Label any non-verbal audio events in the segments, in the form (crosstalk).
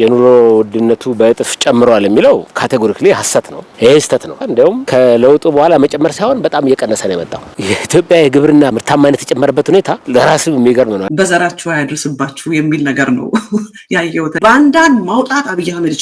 የኑሮ ውድነቱ በእጥፍ ጨምሯል የሚለው ካቴጎሪክሊ ሀሰት ነው። ይሄ ስህተት ነው። እንዲያውም ከለውጡ በኋላ መጨመር ሳይሆን በጣም እየቀነሰ ነው የመጣው። የኢትዮጵያ የግብርና ምርታማነት የጨመረበት ሁኔታ ለራሱ የሚገርም ነው። በዘራችሁ አያደርስባችሁ የሚል ነገር ነው ያየሁት። በአንዳንድ ማውጣት አብይ አህመድ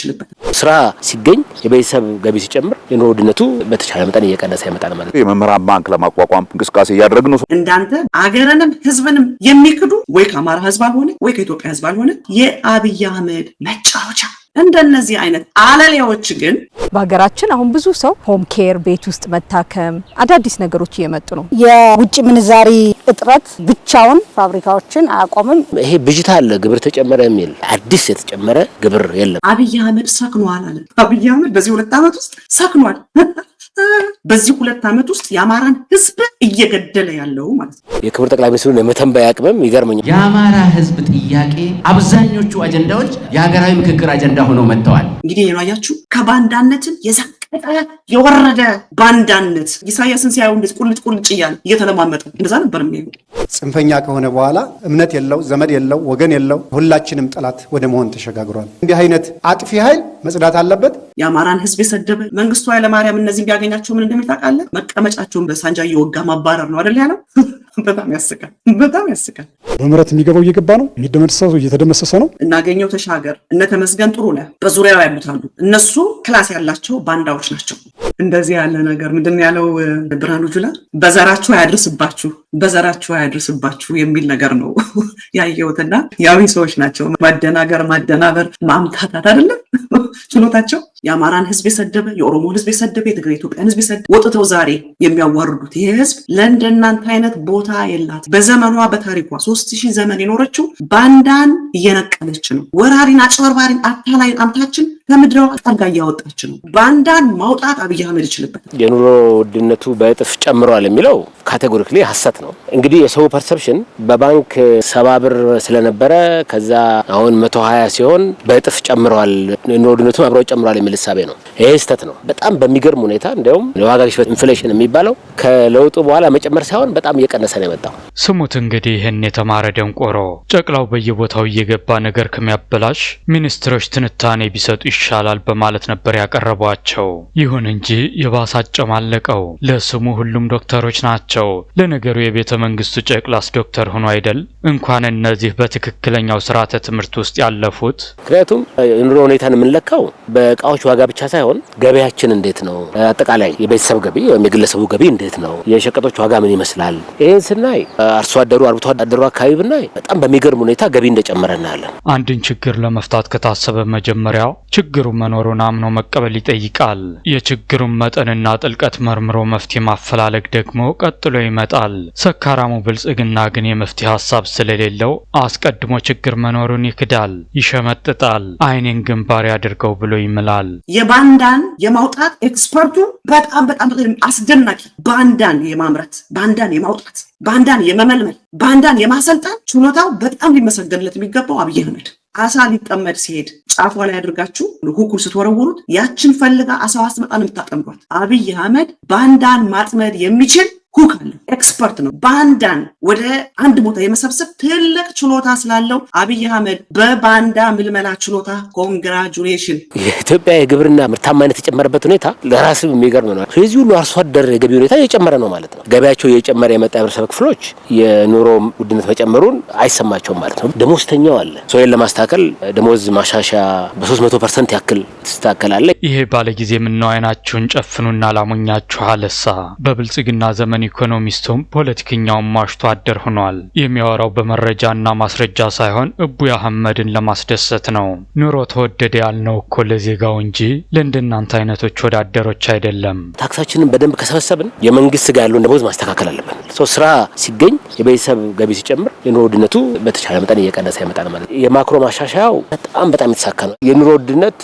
ስራ ሲገኝ የቤተሰብ ገቢ ሲጨምር የኑሮ ውድነቱ በተቻለ መጠን እየቀነሰ ይመጣል ማለት ነው። የመምህራን ባንክ ለማቋቋም እንቅስቃሴ እያደረግ ነው። እንዳንተ አገርንም ህዝብንም የሚክዱ ወይ ከአማራ ህዝብ አልሆነ ወይ ከኢትዮጵያ ህዝብ አልሆነ የአብይ አህመድ መጫወቻ እንደነዚህ አይነት አለሌዎች ግን በሀገራችን አሁን ብዙ ሰው ሆም ኬር ቤት ውስጥ መታከም አዳዲስ ነገሮች እየመጡ ነው። የውጭ ምንዛሪ እጥረት ብቻውን ፋብሪካዎችን አያቆምም። ይሄ ብዥታ አለ። ግብር ተጨመረ የሚል አዲስ የተጨመረ ግብር የለም። አብይ አህመድ ሰክኗል አለ። አብይ አህመድ በዚህ ሁለት ዓመት ውስጥ ሰክኗል። (laughs) በዚህ ሁለት ዓመት ውስጥ የአማራን ህዝብ እየገደለ ያለው ማለት ነው። የክብር ጠቅላይ ሚኒስትሩን የመተንበያ አቅምም ይገርመኛል። የአማራ ህዝብ ጥያቄ አብዛኞቹ አጀንዳዎች የሀገራዊ ምክክር አጀንዳ ሆነው መጥተዋል። እንግዲህ አያችሁ ከባንዳነትን የዛ ቅጣት የወረደ ባንዳነት ኢሳያስን ሲያዩ እንደ ቁልጭ ቁልጭ እያል እየተለማመጠ እንደዛ ነበር የሚሄ ጽንፈኛ ከሆነ በኋላ እምነት የለው፣ ዘመድ የለው፣ ወገን የለው፣ ሁላችንም ጠላት ወደ መሆን ተሸጋግሯል። እንዲህ አይነት አጥፊ ኃይል መጽዳት አለበት። የአማራን ህዝብ የሰደበ መንግስቱ ኃይለማርያም እነዚህ ቢያገኛቸው ምን እንደሚል ታውቃለህ? መቀመጫቸውን በሳንጃ እየወጋ ማባረር ነው አደል ያለው በጣም ያስቃል። በጣም ያስቃል። በምህረት የሚገባው እየገባ ነው፣ የሚደመሰሰው እየተደመሰሰ ነው። እናገኘው ተሻገር፣ እነተመስገን ጥሩ ነ በዙሪያው ያሉታሉ። እነሱ ክላስ ያላቸው ባንዳዎች ናቸው። እንደዚህ ያለ ነገር ምንድን ያለው ብርሃኑ ጁላ በዘራችሁ አያድርስባችሁ በዘራችሁ አያድርስባችሁ የሚል ነገር ነው (laughs) ያየሁትና ያዊ ሰዎች ናቸው። ማደናገር፣ ማደናበር፣ ማምታታት አይደለም (laughs) ችሎታቸው። የአማራን ህዝብ የሰደበ የኦሮሞን ህዝብ የሰደበ የትግራይ ኢትዮጵያን ህዝብ የሰደበ ወጥተው ዛሬ የሚያዋርዱት ይህ ህዝብ ለእንደናንተ አይነት ቦታ የላት። በዘመኗ በታሪኳ ሶስት ሺህ ዘመን የኖረችው ባንዳን እየነቀለች ነው። ወራሪን፣ አጭበርባሪን፣ አታላይን አምታችን ከምድረ አጣር እያወጣች ነው። ባንዳን ማውጣት አብይ አህመድ ይችልበት። የኑሮ ውድነቱ በእጥፍ ጨምሯል የሚለው ካቴጎሪክሊ ሀሰት ነው። እንግዲህ የሰው ፐርሰፕሽን በባንክ ሰባ ብር ስለነበረ ከዛ አሁን መቶ ሀያ ሲሆን በእጥፍ ጨምረዋል፣ ኑሮ ውድነቱም አብሮ ጨምሯል የሚል እሳቤ ነው። ይሄ ስህተት ነው። በጣም በሚገርም ሁኔታ እንዲያውም የዋጋ ግሽበት ኢንፍሌሽን የሚባለው ከለውጡ በኋላ መጨመር ሳይሆን በጣም እየቀነሰ ነው የመጣው። ስሙት እንግዲህ ይህን የተማረ ደንቆሮ ጨቅላው በየቦታው እየገባ ነገር ከሚያበላሽ ሚኒስትሮች ትንታኔ ቢሰጡ ይሻላል በማለት ነበር ያቀረቧቸው። ይሁን እንጂ የባሰ አጨማለቀው። ለስሙ ሁሉም ዶክተሮች ናቸው። ለነገሩ የቤተ መንግስቱ ጨቅላስ ዶክተር ሆኖ አይደል? እንኳን እነዚህ በትክክለኛው ስርዓተ ትምህርት ውስጥ ያለፉት። ምክንያቱም የኑሮ ሁኔታን የምንለካው በእቃዎች ዋጋ ብቻ ሳይሆን ገበያችን እንዴት ነው፣ አጠቃላይ የቤተሰብ ገቢ ወይም የግለሰቡ ገቢ እንዴት ነው፣ የሸቀጦች ዋጋ ምን ይመስላል። ይህን ስናይ አርሶ አደሩ አርብቶ አደሩ አካባቢ ብናይ በጣም በሚገርም ሁኔታ ገቢ እንደጨመረ እናያለን። አንድን ችግር ለመፍታት ከታሰበ መጀመሪያው ችግሩ መኖሩን አምኖ መቀበል ይጠይቃል። የችግሩን መጠንና ጥልቀት መርምሮ መፍትሄ ማፈላለግ ደግሞ ቀጥሎ ይመጣል። ሰካራሙ ብልጽግና ግን የመፍትሄ ሀሳብ ስለሌለው አስቀድሞ ችግር መኖሩን ይክዳል፣ ይሸመጥጣል። አይኔን ግንባር ያድርገው ብሎ ይምላል። የባንዳን የማውጣት ኤክስፐርቱ በጣም በጣም አስደናቂ ባንዳን የማምረት ባንዳን የማውጣት ባንዳን የመመልመል ባንዳን የማሰልጣን ችሎታው በጣም ሊመሰገንለት የሚገባው አብይ አህመድ አሳ ሊጠመድ ሲሄድ ጫፏ ላይ አድርጋችሁ ሁኩን ስትወረውሩት ያችን ፈልጋ አሳዋ ስትመጣ ነው የምታጠምዷት። አብይ አህመድ ባንዳን ማጥመድ የሚችል ሁክ አለ። ኤክስፐርት ነው። ባንዳን ወደ አንድ ቦታ የመሰብሰብ ትልቅ ችሎታ ስላለው አብይ አህመድ በባንዳ ምልመላ ችሎታ ኮንግራጁሌሽን። የኢትዮጵያ የግብርና ምርታማነት የጨመረበት ሁኔታ ለራስ የሚገርም ነው። ከዚህ ሁሉ አርሶ አደር የገቢ ሁኔታ እየጨመረ ነው ማለት ነው። ገቢያቸው እየጨመረ የመጣ የህብረተሰብ ክፍሎች የኑሮ ውድነት መጨመሩን አይሰማቸውም ማለት ነው። ደሞዝተኛው አለ። ሶይን ለማስተካከል ደሞዝ ማሻሻያ በ300 ፐርሰንት ያክል ትስተካከላለች። ይሄ ባለጊዜ ምነው አይናችሁን ጨፍኑና ላሙኛችኋ አለሳ በብልጽግና ዘመን ኢኮኖሚስቱም ፖለቲከኛውም ማሽቶ አደር ሆኗል። የሚያወራው በመረጃና ማስረጃ ሳይሆን እቡይ አህመድን ለማስደሰት ነው። ኑሮ ተወደደ ያልነው እኮ ለዜጋው እንጂ ለእንደናንተ አይነቶች ወዳደሮች አይደለም። ታክሳችንን በደንብ ከሰበሰብን የመንግስት ጋር ያለውን ደሞዝ ማስተካከል አለብን። ሰው ስራ ሲገኝ የቤተሰብ ገቢ ሲጨምር የኑሮ ውድነቱ በተቻለ መጠን እየቀነሰ ይመጣል ማለት ነው። የማክሮ ማሻሻያው በጣም በጣም የተሳካ ነው። የኑሮ ውድነት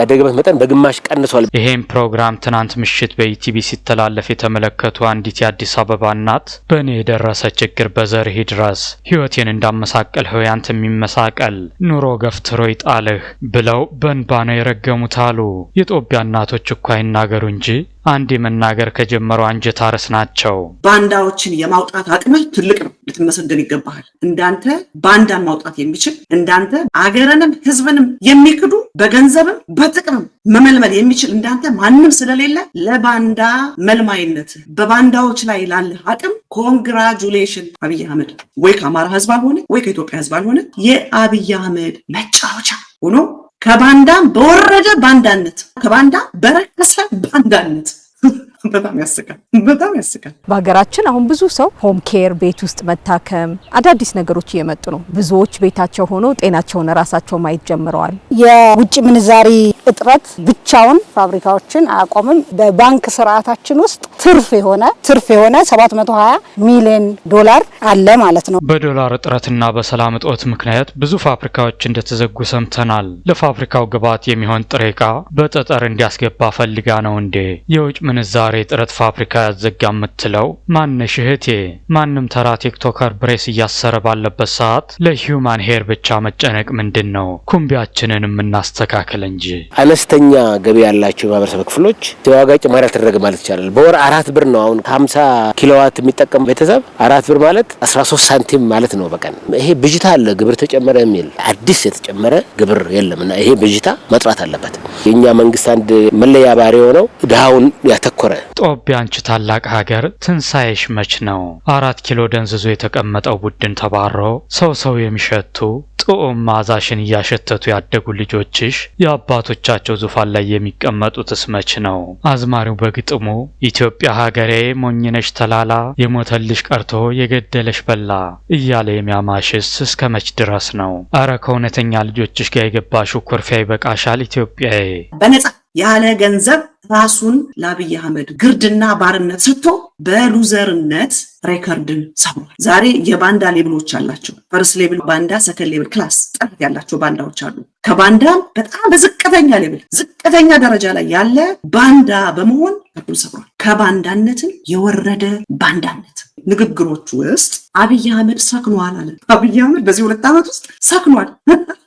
ያደገበት መጠን በግማሽ ቀንሷል። ይሄን ፕሮግራም ትናንት ምሽት በኢቲቪ ሲተላለፍ የተመለከቱ አንዲት አዲስ አበባ እናት በእኔ የደረሰ ችግር በዘርህ ድረስ ህይወቴን እንዳመሳቀልህ ያንተ የሚመሳቀል ኑሮ ገፍትሮ ይጣልህ ብለው በንባ ነው የረገሙት አሉ። የጦቢያ እናቶች እኮ አይናገሩ እንጂ አንዴ መናገር ከጀመሩ አንጀት አርስ ናቸው። ባንዳዎችን የማውጣት አቅምህ ትልቅ ነው፣ ልትመሰገን ይገባሃል። እንዳንተ ባንዳን ማውጣት የሚችል እንዳንተ አገርንም ህዝብንም የሚክዱ በገንዘብም በጥቅምም መመልመል የሚችል እንዳንተ ማንም ስለሌለ ለባንዳ መልማይነት በባንዳዎች ላይ ላለህ አቅም ኮንግራጁሌሽን አብይ አህመድ ወይ ከአማራ ህዝብ አልሆነ ወይ ከኢትዮጵያ ህዝብ አልሆነ የአብይ አህመድ መጫወቻ ሆኖ ከባንዳም በወረደ ባንዳነት፣ ከባንዳ በረከሰ ባንዳነት (laughs) በጣም ያስቃል፣ በጣም ያስቃል። በሀገራችን አሁን ብዙ ሰው ሆም ኬር ቤት ውስጥ መታከም አዳዲስ ነገሮች እየመጡ ነው። ብዙዎች ቤታቸው ሆኖ ጤናቸውን ራሳቸው ማየት ጀምረዋል። የውጭ ምንዛሪ እጥረት ብቻውን ፋብሪካዎችን አያቆምም። በባንክ ስርዓታችን ውስጥ ትርፍ የሆነ ትርፍ የሆነ 720 ሚሊዮን ዶላር አለ ማለት ነው። በዶላር እጥረትና በሰላም እጦት ምክንያት ብዙ ፋብሪካዎች እንደተዘጉ ሰምተናል። ለፋብሪካው ግብዓት የሚሆን ጥሬ እቃ በጠጠር እንዲያስገባ ፈልጋ ነው እንዴ የውጭ ምንዛሪ ዛሬ ጥረት ፋብሪካ ያዘጋ የምትለው ማነሽ እህቴ? ማንም ተራ ቲክቶከር ብሬስ እያሰረ ባለበት ሰዓት ለሂውማን ሄር ብቻ መጨነቅ ምንድን ነው? ኩምቢያችንን የምናስተካከል እንጂ። አነስተኛ ገቢ ያላቸው የማህበረሰብ ክፍሎች የዋጋ ጭማሪ አልተደረገ ማለት ይቻላል። በወር አራት ብር ነው። አሁን ከሀምሳ ኪሎዋት የሚጠቀም ቤተሰብ አራት ብር ማለት አስራ ሶስት ሳንቲም ማለት ነው በቀን። ይሄ ብዥታ አለ፣ ግብር ተጨመረ የሚል አዲስ የተጨመረ ግብር የለም እና ይሄ ብዥታ መጥራት አለበት። የእኛ መንግስት አንድ መለያ ባህሪ የሆነው ድሃውን ያተኮረ ጦቢ አንቺ ታላቅ ሀገር ትንሣኤሽ መች ነው? አራት ኪሎ ደንዝዞ የተቀመጠው ቡድን ተባሮ ሰው ሰው የሚሸቱ ጥዑም መዓዛሽን እያሸተቱ ያደጉ ልጆችሽ የአባቶቻቸው ዙፋን ላይ የሚቀመጡትስ መች ነው? አዝማሪው በግጥሙ ኢትዮጵያ ሀገሬ ሞኝነሽ ተላላ የሞተልሽ ቀርቶ የገደለሽ በላ እያለ የሚያማሽስ እስከ መች ድረስ ነው? አረ ከእውነተኛ ልጆችሽ ጋር የገባሽው ኩርፊያ ይበቃሻል ኢትዮጵያዬ። በነጻ ያለ ገንዘብ ራሱን ለአብይ አህመድ ግርድና ባርነት ስቶ በሉዘርነት ሬከርድን ሰብሯል። ዛሬ የባንዳ ሌብሎች አላቸው። ፈርስ ሌብል ባንዳ፣ ሰከንድ ሌብል ክላስ ጥረት ያላቸው ባንዳዎች አሉ። ከባንዳም በጣም በዝቅተኛ ሌብል ዝቅተኛ ደረጃ ላይ ያለ ባንዳ በመሆን ሬከርዱን ሰብሯል። ከባንዳነትን የወረደ ባንዳነት ንግግሮች ውስጥ አብይ አህመድ ሰክኗል አለ። አብይ አህመድ በዚህ ሁለት ዓመት ውስጥ ሰክኗል። (laughs)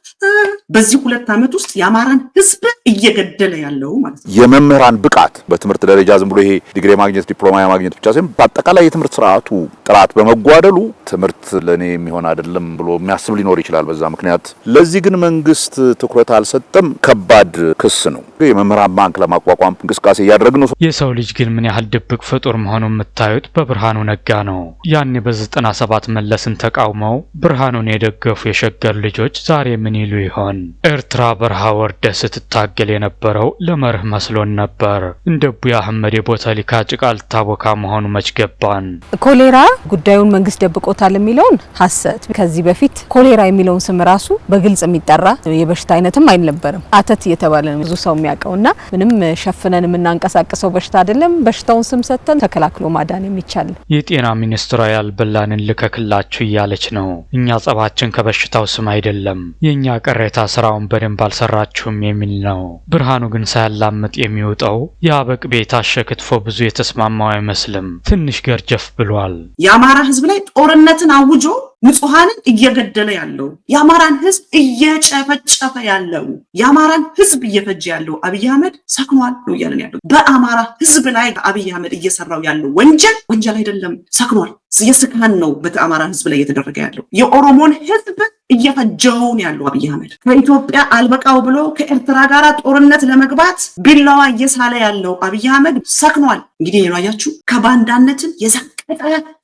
በዚህ ሁለት ዓመት ውስጥ የአማራን ህዝብ እየገደለ ያለው ማለት ነው። የመምህራን ብቃት በትምህርት ደረጃ ዝም ብሎ ይሄ ዲግሪ ማግኘት ዲፕሎማ ማግኘት ብቻ ሳይሆን በአጠቃላይ የትምህርት ስርዓቱ ጥራት በመጓደሉ ትምህርት ለእኔ የሚሆን አይደለም ብሎ የሚያስብ ሊኖር ይችላል። በዛ ምክንያት ለዚህ ግን መንግስት ትኩረት አልሰጠም። ከባድ ክስ ነው። የመምህራን ባንክ ለማቋቋም እንቅስቃሴ እያደረግ ነው። የሰው ልጅ ግን ምን ያህል ድብቅ ፍጡር መሆኑ የምታዩት በብርሃኑ ነጋ ነው። ያኔ በዘጠና ሰባት መለስን ተቃውመው ብርሃኑን የደገፉ የሸገር ልጆች ዛሬ ምን ይሉ ይሆን? ኤርትራ በረሃ ወርደ ስትታገል የነበረው ለመርህ መስሎን ነበር። እንደ ቡያ አህመድ የቦተሊካ ጭቃ ልታቦካ መሆኑ መች ገባን። ኮሌራ ጉዳዩን መንግስት ደብቆታል የሚለውን ሀሰት። ከዚህ በፊት ኮሌራ የሚለውን ስም ራሱ በግልጽ የሚጠራ የበሽታ አይነትም አይነበርም። አተት እየተባለ ነው ብዙ ሰው የሚያውቀውና ምንም ሸፍነን የምናንቀሳቀሰው በሽታ አይደለም። በሽታውን ስም ሰጥተን ተከላክሎ ማዳን የሚቻል የጤና ሚኒስትሯ ያልበላንን ልከክላችሁ እያለች ነው። እኛ ጸባችን ከበሽታው ስም አይደለም። የእኛ ቅሬታ ስራውን በደንብ አልሰራችሁም የሚል ነው። ብርሃኑ ግን ሳያላምጥ የሚወጣው የአበቅ ቤት አሸክትፎ ብዙ የተስማማው አይመስልም። ትንሽ ገርጀፍ ብሏል። የአማራ ህዝብ ላይ ጦርነትን አውጆ ንጹሐንን እየገደለ ያለው የአማራን ህዝብ እየጨፈጨፈ ያለው የአማራን ህዝብ እየፈጀ ያለው አብይ አህመድ ሰክኗል ነው እያለን ያለው። በአማራ ህዝብ ላይ አብይ አህመድ እየሰራው ያለው ወንጀል ወንጀል አይደለም፣ ሰክኗል። የስካን ነው በአማራ ህዝብ ላይ እየተደረገ ያለው የኦሮሞን ህዝብ እየፈጀውን ያለው አብይ አህመድ ከኢትዮጵያ አልበቃው ብሎ ከኤርትራ ጋር ጦርነት ለመግባት ቢላዋ እየሳለ ያለው አብይ አህመድ ሰክኗል። እንግዲህ ይሄ ከባንዳነትን የዘ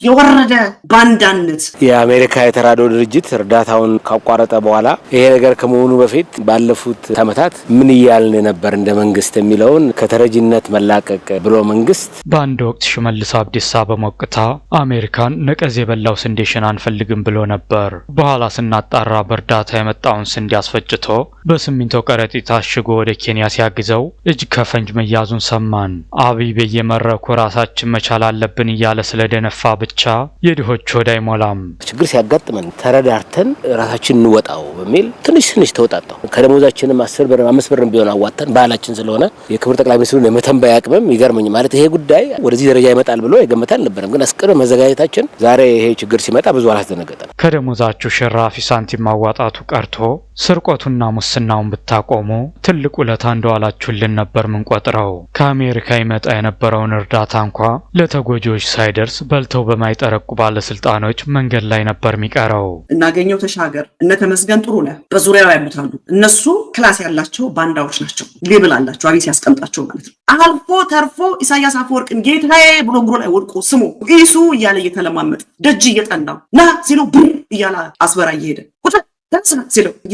የወረደ ባንዳነት የአሜሪካ የተራድኦ ድርጅት እርዳታውን ካቋረጠ በኋላ ይሄ ነገር ከመሆኑ በፊት ባለፉት ዓመታት ምን እያልን ነበር እንደ መንግስት የሚለውን ከተረጂነት መላቀቅ ብሎ መንግስት በአንድ ወቅት ሽመልስ አብዲሳ በሞቅታ አሜሪካን ነቀዝ የበላው ስንዴሽን አንፈልግም ብሎ ነበር። በኋላ ስናጣራ በእርዳታ የመጣውን ስንዴ አስፈጭቶ በሲሚንቶ ከረጢት አሽጎ ወደ ኬንያ ሲያግዘው እጅ ከፈንጅ መያዙን ሰማን። አብይ በየመድረኩ ራሳችን መቻል አለብን እያለ ስለ እንደነፋ ብቻ የድሆች ሆድ አይሞላም። ችግር ሲያጋጥመን ተረዳርተን ራሳችን እንወጣው በሚል ትንሽ ትንሽ ተወጣጣው። ከደሞዛችንም አስር ብር አምስት ብርም ቢሆን አዋተን ባህላችን ስለሆነ የክብር ጠቅላይ ሚኒስትሩን የመተንበይ አቅምም ይገርመኝ ማለት ይሄ ጉዳይ ወደዚህ ደረጃ ይመጣል ብሎ የገመት አልነበረም። ግን አስቀድመን መዘጋጀታችን ዛሬ ይሄ ችግር ሲመጣ ብዙ አላስደነገጠን። ከደሞዛችሁ ሸራፊ ሳንቲም ማዋጣቱ ቀርቶ ስርቆቱና ሙስናውን ብታቆሙ ትልቅ ውለታ እንደዋላችሁልን ነበር ምንቆጥረው። ከአሜሪካ ይመጣ የነበረውን እርዳታ እንኳ ለተጎጂዎች ሳይደርስ በልተው በማይጠረቁ ባለስልጣኖች መንገድ ላይ ነበር የሚቀረው። እናገኘው ተሻገር፣ እነ ተመስገን ጥሩ ነህ፣ በዙሪያው ያሉታሉ። እነሱ ክላስ ያላቸው ባንዳዎች ናቸው። ሌብል አላቸው፣ አቤት ያስቀምጣቸው ማለት ነው። አልፎ ተርፎ ኢሳያስ አፈወርቅን ጌታዬ ብሎ እግሩ ላይ ወድቆ ስሞ ኢሱ እያለ እየተለማመጠ ደጅ እየጠናው ና ሲለው ብር እያለ አስበራ እየሄደ ከዛ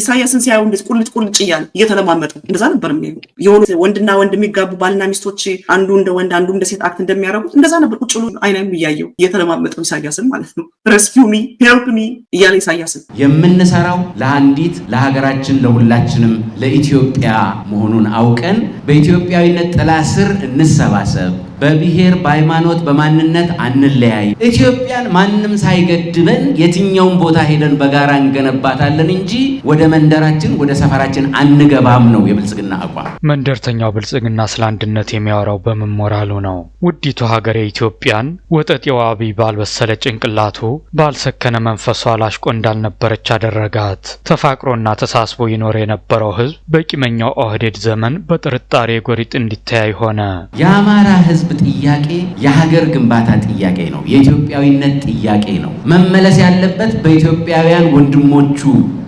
ኢሳያስን ሲያዩ እንደዚህ ቁልጭ ቁልጭ እያለ እየተለማመጡ እንደዛ ነበር የሚሉ የሆኑ ወንድና ወንድ የሚጋቡ ባልና ሚስቶች አንዱ እንደ ወንድ አንዱ እንደ ሴት አክት እንደሚያደርጉት እንደዛ ነበር። ቁጭሉ አይና አይናም እያየው እየተለማመጠው ኢሳያስን ማለት ነው። ረስኪሚ ሄልፕሚ እያለ ኢሳያስን የምንሰራው ለአንዲት ለሀገራችን፣ ለሁላችንም ለኢትዮጵያ መሆኑን አውቀን በኢትዮጵያዊነት ጥላ ስር እንሰባሰብ በብሔር በሃይማኖት በማንነት አንለያይ። ኢትዮጵያን ማንም ሳይገድበን የትኛውን ቦታ ሄደን በጋራ እንገነባታለን እንጂ ወደ መንደራችን ወደ ሰፈራችን አንገባም ነው የብልጽግና አቋም። መንደርተኛው ብልጽግና ስለ አንድነት የሚያወራው በምን ሞራሉ ነው? ውዲቱ ሀገሬ ኢትዮጵያን ወጠጤዋ አብይ ባልበሰለ ጭንቅላቱ ባልሰከነ መንፈሷ ላሽቆ እንዳልነበረች አደረጋት። ተፋቅሮና ተሳስቦ ይኖር የነበረው ህዝብ በቂመኛው ኦህዴድ ዘመን በጥርጣሬ ጎሪጥ እንዲተያይ ሆነ። የአማራ ህዝብ ጥያቄ የሀገር ግንባታ ጥያቄ ነው። የኢትዮጵያዊነት ጥያቄ ነው። መመለስ ያለበት በኢትዮጵያውያን ወንድሞቹ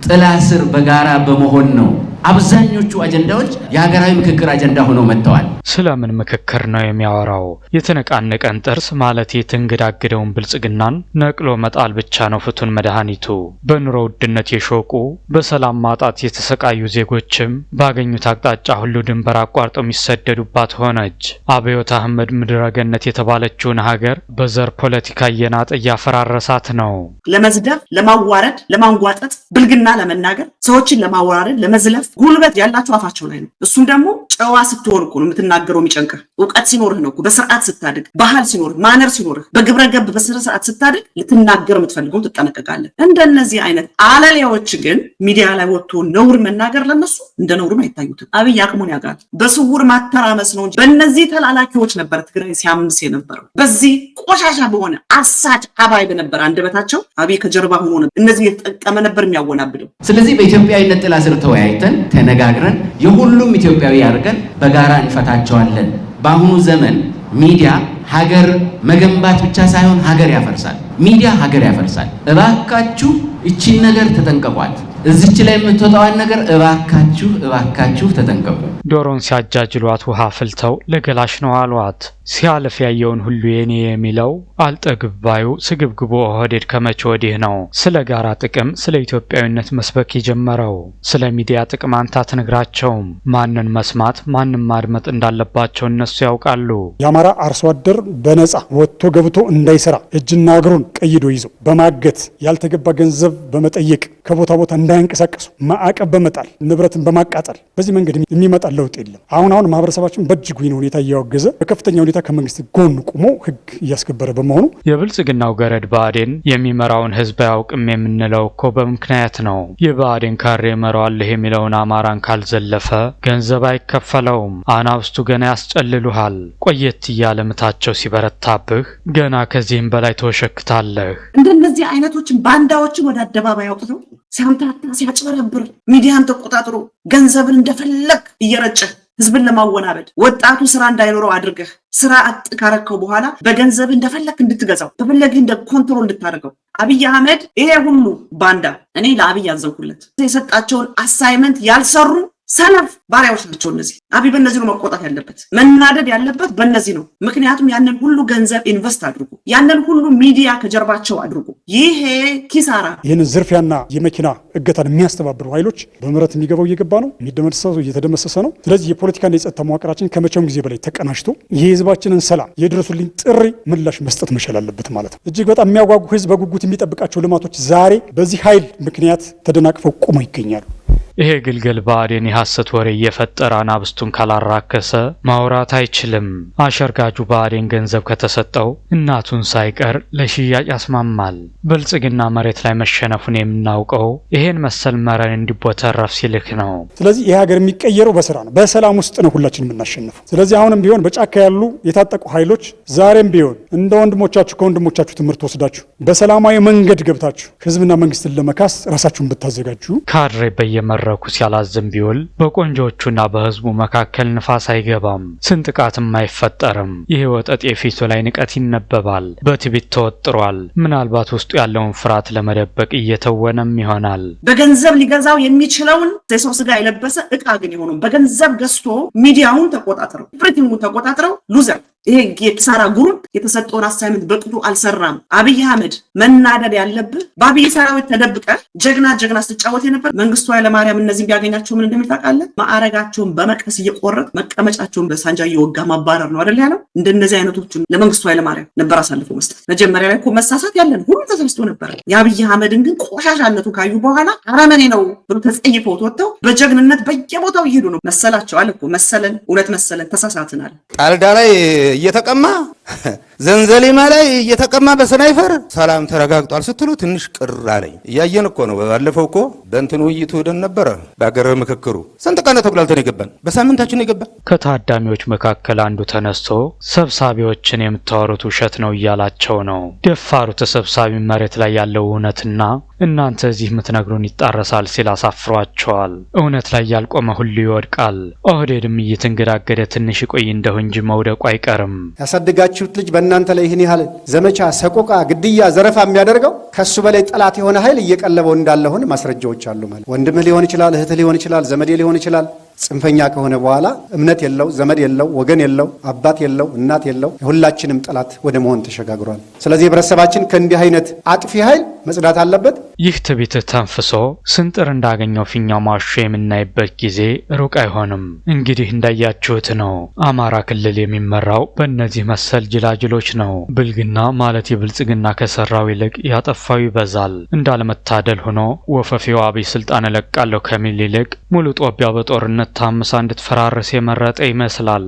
ጥላ ስር በጋራ በመሆን ነው። አብዛኞቹ አጀንዳዎች የሀገራዊ ምክክር አጀንዳ ሆነው መጥተዋል። ስለምን ምክክር ነው የሚያወራው? የተነቃነቀን ጥርስ ማለት የተንገዳገደውን ብልጽግናን ነቅሎ መጣል ብቻ ነው ፍቱን መድኃኒቱ። በኑሮ ውድነት የሾቁ በሰላም ማጣት የተሰቃዩ ዜጎችም ባገኙት አቅጣጫ ሁሉ ድንበር አቋርጠው የሚሰደዱባት ሆነች። አብዮት አህመድ ምድረገነት የተባለችውን ሀገር በዘር ፖለቲካ እየናጠ እያፈራረሳት ነው። ለመዝደፍ፣ ለማዋረድ፣ ለማንጓጠጥ፣ ብልግና ለመናገር፣ ሰዎችን ለማወራረድ፣ ለመዝለፍ ጉልበት ያላቸው አፋቸው ላይ ነው። እሱም ደግሞ ጨዋ ስትሆን እኮ ነው የምትናገረው የሚጨንቅ እውቀት ሲኖርህ ነው። በስርዓት ስታድግ፣ ባህል ሲኖርህ፣ ማነር ሲኖርህ፣ በግብረ ገብ በስነ ስርዓት ስታድግ ልትናገር የምትፈልገው ትጠነቀቃለህ። እንደነዚህ አይነት አለሌዎች ግን ሚዲያ ላይ ወጥቶ ነውር መናገር ለነሱ እንደ ነውርም አይታዩትም። አብይ አቅሙን ያውቃል። በስውር ማተራመስ ነው እንጂ በእነዚህ ተላላኪዎች ነበር ትግራይ ሲያምስ የነበረው። በዚህ ቆሻሻ በሆነ አሳች አባይ በነበረ አንደበታቸው አብይ ከጀርባ ሆኖ ነበር እነዚህ የተጠቀመ ነበር የሚያወናብደው። ስለዚህ በኢትዮጵያዊነት ጥላ ስር ተወያይተን ተነጋግረን የሁሉም ኢትዮጵያዊ አድርገን በጋራ እንፈታለን እንላቸዋለን። በአሁኑ ዘመን ሚዲያ ሀገር መገንባት ብቻ ሳይሆን ሀገር ያፈርሳል። ሚዲያ ሀገር ያፈርሳል። እባካችሁ እቺን ነገር ተጠንቀቋት። እዚች ላይ የምትወጣዋን ነገር እባካችሁ እባካችሁ ተጠንቀቁ። ዶሮን ሲያጃጅሏት ውሃ ፍልተው ለገላሽ ነው አሏት። ሲያለፍ ያየውን ሁሉ የኔ የሚለው አልጠግብ ስግብግቡ ኦህዴድ ከመቼ ወዲህ ነው ስለ ጋራ ጥቅም፣ ስለ ኢትዮጵያዊነት መስበክ የጀመረው? ስለ ሚዲያ ጥቅም አንተ አትነግራቸውም። ማንን መስማት ማንን ማድመጥ እንዳለባቸው እነሱ ያውቃሉ። የአማራ አርሶ አደር በነጻ ወጥቶ ገብቶ እንዳይሰራ እጅና እግሩን ቀይዶ ይዞ በማገት ያልተገባ ገንዘብ በመጠየቅ ከቦታ ቦታ እንዳይንቀሳቀሱ ማዕቀብ በመጣል ንብረትን በማቃጠል በዚህ መንገድ የሚመጣ ለውጥ የለም። አሁን አሁን ማህበረሰባችን በእጅጉ ሁኔታ እያወገዘ በከፍተኛ ሁኔታ ከመንግስት ጎን ቆሞ ህግ እያስከበረ በመሆኑ የብልጽግናው ገረድ ብአዴን የሚመራውን ህዝብ አያውቅም የምንለው እኮ በምክንያት ነው። ይህ ብአዴን ካሬ እመራዋለሁ የሚለውን አማራን ካልዘለፈ ገንዘብ አይከፈለውም። አናብስቱ ገና ያስጨልሉሃል። ቆየት እያለ ምታቸው ሲበረታብህ ገና ከዚህም በላይ ተወሸክታለህ። እንደነዚህ አይነቶችን ባንዳዎችን ወደ አደባባይ አውጥተው ሲያምታታ ሲያጭበረብር ሚዲያን ተቆጣጥሮ ገንዘብን እንደፈለግ እየረጨ ህዝብን ለማወናበድ ወጣቱ ስራ እንዳይኖረው አድርገህ ስራ አጥ ካረከው በኋላ በገንዘብ እንደፈለግ እንድትገዛው በፈለግህ እንደ ኮንትሮል እንድታደርገው አብይ አህመድ ይሄ ሁሉ ባንዳ እኔ ለአብይ አዘንኩለት የሰጣቸውን አሳይመንት ያልሰሩ ሰነፍ ባሪያዎች ናቸው እነዚህ። አቢ በእነዚህ ነው መቆጣት ያለበት፣ መናደድ ያለበት በእነዚህ ነው። ምክንያቱም ያንን ሁሉ ገንዘብ ኢንቨስት አድርጉ፣ ያንን ሁሉ ሚዲያ ከጀርባቸው አድርጎ ይሄ ኪሳራ። ይህንን ዝርፊያና የመኪና እገታን የሚያስተባብሩ ኃይሎች በምህረት የሚገባው እየገባ ነው፣ የሚደመሰሰው እየተደመሰሰ ነው። ስለዚህ የፖለቲካና የጸጥታ መዋቅራችን ከመቼውም ጊዜ በላይ ተቀናጅቶ የህዝባችንን ሰላም የድረሱልኝ ጥሪ ምላሽ መስጠት መቻል አለበት ማለት ነው። እጅግ በጣም የሚያጓጉ ህዝብ በጉጉት የሚጠብቃቸው ልማቶች ዛሬ በዚህ ኃይል ምክንያት ተደናቅፈው ቁመው ይገኛሉ። ይሄ ግልገል ባዕድን የሐሰት ወሬ እየፈጠረ አናብስቱን ካላራከሰ ማውራት አይችልም። አሸርጋጁ ባዕድን ገንዘብ ከተሰጠው እናቱን ሳይቀር ለሽያጭ ያስማማል። ብልጽግና መሬት ላይ መሸነፉን የምናውቀው ይሄን መሰል መረን እንዲቦተረፍ ሲልክ ነው። ስለዚህ ይሄ ሀገር የሚቀየረው በስራ ነው። በሰላም ውስጥ ነው ሁላችን የምናሸንፉ። ስለዚህ አሁንም ቢሆን በጫካ ያሉ የታጠቁ ኃይሎች ዛሬም ቢሆን እንደ ወንድሞቻችሁ ከወንድሞቻችሁ ትምህርት ወስዳችሁ በሰላማዊ መንገድ ገብታችሁ ህዝብና መንግስትን ለመካስ ራሳችሁን ብታዘጋጁ ካድሬ በየመ ሲማረኩ ሲያላዝም ቢውል በቆንጆቹና በህዝቡ መካከል ንፋስ አይገባም፣ ስንጥቃትም አይፈጠርም። ይህ ወጠጥ የፊቱ ላይ ንቀት ይነበባል። በትቢት ተወጥሯል። ምናልባት ውስጡ ያለውን ፍርሃት ለመደበቅ እየተወነም ይሆናል። በገንዘብ ሊገዛው የሚችለውን የሰው ስጋ የለበሰ እቃ ግን የሆኑ በገንዘብ ገዝቶ ሚዲያውን ተቆጣጥረው ፍሪቲንጉን ተቆጣጥረው ሉዘር ይሄ የተሰራ ጉሩብ የተሰጠውን አሳይመንት በቅጡ አልሰራም። አብይ አህመድ መናደድ ያለብህ በአብይ ሰራዊት ተደብቀ ጀግና ጀግና ስትጫወት የነበር መንግስቱ ኃይለማርያም እነዚህም ቢያገኛቸው ምን እንደሚታውቃለን ማዕረጋቸውን በመቀስ እየቆረጥ መቀመጫቸውን በሳንጃ እየወጋ ማባረር ነው አደል ያለው። እንደነዚህ አይነቶችን ለመንግስቱ ኃይለማርያም ነበር አሳልፎ መስጠት። መጀመሪያ ላይ እኮ መሳሳት ያለን ሁሉ ተሰብስቶ ነበር። የአብይ አህመድን ግን ቆሻሻነቱ ካዩ በኋላ አረመኔ ነው ብሎ ተጸይፈውት ወጥተው በጀግንነት በየቦታው እየሄዱ ነው መሰላቸው። አለ እኮ መሰለን፣ እውነት መሰለን፣ አለ ጣልዳ ላይ እየተቀማ ዘንዘሊማ ላይ እየተቀማ በሰናይፈር ሰላም ተረጋግጧል ስትሉ ትንሽ ቅር አለኝ። እያየን እኮ ነው። ባለፈው እኮ በእንትን ውይይቱ ሄደን ነበረ። በሀገር ምክክሩ ስንት ቀን ተጉላልተን የገባን? በሳምንታችን የገባን። ከታዳሚዎች መካከል አንዱ ተነስቶ ሰብሳቢዎችን የምታወሩት ውሸት ነው እያላቸው ነው። ደፋሩ ተሰብሳቢ መሬት ላይ ያለው እውነትና እናንተ እዚህ የምትነግሩን ይጣረሳል ሲል አሳፍሯቸዋል። እውነት ላይ ያልቆመ ሁሉ ይወድቃል። ኦህዴድም እየተንገዳገደ ትንሽ ቆይ እንደሁ እንጂ መውደቁ አይቀርም። ያሳድጋቸው ያያችሁት ልጅ በእናንተ ላይ ይህን ያህል ዘመቻ፣ ሰቆቃ፣ ግድያ፣ ዘረፋ የሚያደርገው ከእሱ በላይ ጠላት የሆነ ኃይል እየቀለበው እንዳለሆን ማስረጃዎች አሉ። ማለት ወንድምህ ሊሆን ይችላል፣ እህትህ ሊሆን ይችላል፣ ዘመዴ ሊሆን ይችላል ጽንፈኛ ከሆነ በኋላ እምነት የለው፣ ዘመድ የለው፣ ወገን የለው፣ አባት የለው፣ እናት የለው፣ የሁላችንም ጠላት ወደ መሆን ተሸጋግሯል። ስለዚህ ህብረተሰባችን ከእንዲህ አይነት አጥፊ ኃይል መጽዳት አለበት። ይህ ትቢት ተንፍሶ ስንጥር እንዳገኘው ፊኛው ማሾ የምናይበት ጊዜ ሩቅ አይሆንም። እንግዲህ እንዳያችሁት ነው አማራ ክልል የሚመራው በእነዚህ መሰል ጅላጅሎች ነው። ብልግና ማለት የብልጽግና ከሰራው ይልቅ ያጠፋው ይበዛል። እንዳለመታደል ሆኖ ወፈፊው አብይ ስልጣን እለቃለሁ ከሚል ይልቅ ሙሉ ጦቢያ በጦርነት መታመሳ እንድትፈራርስ የመረጠ ይመስላል።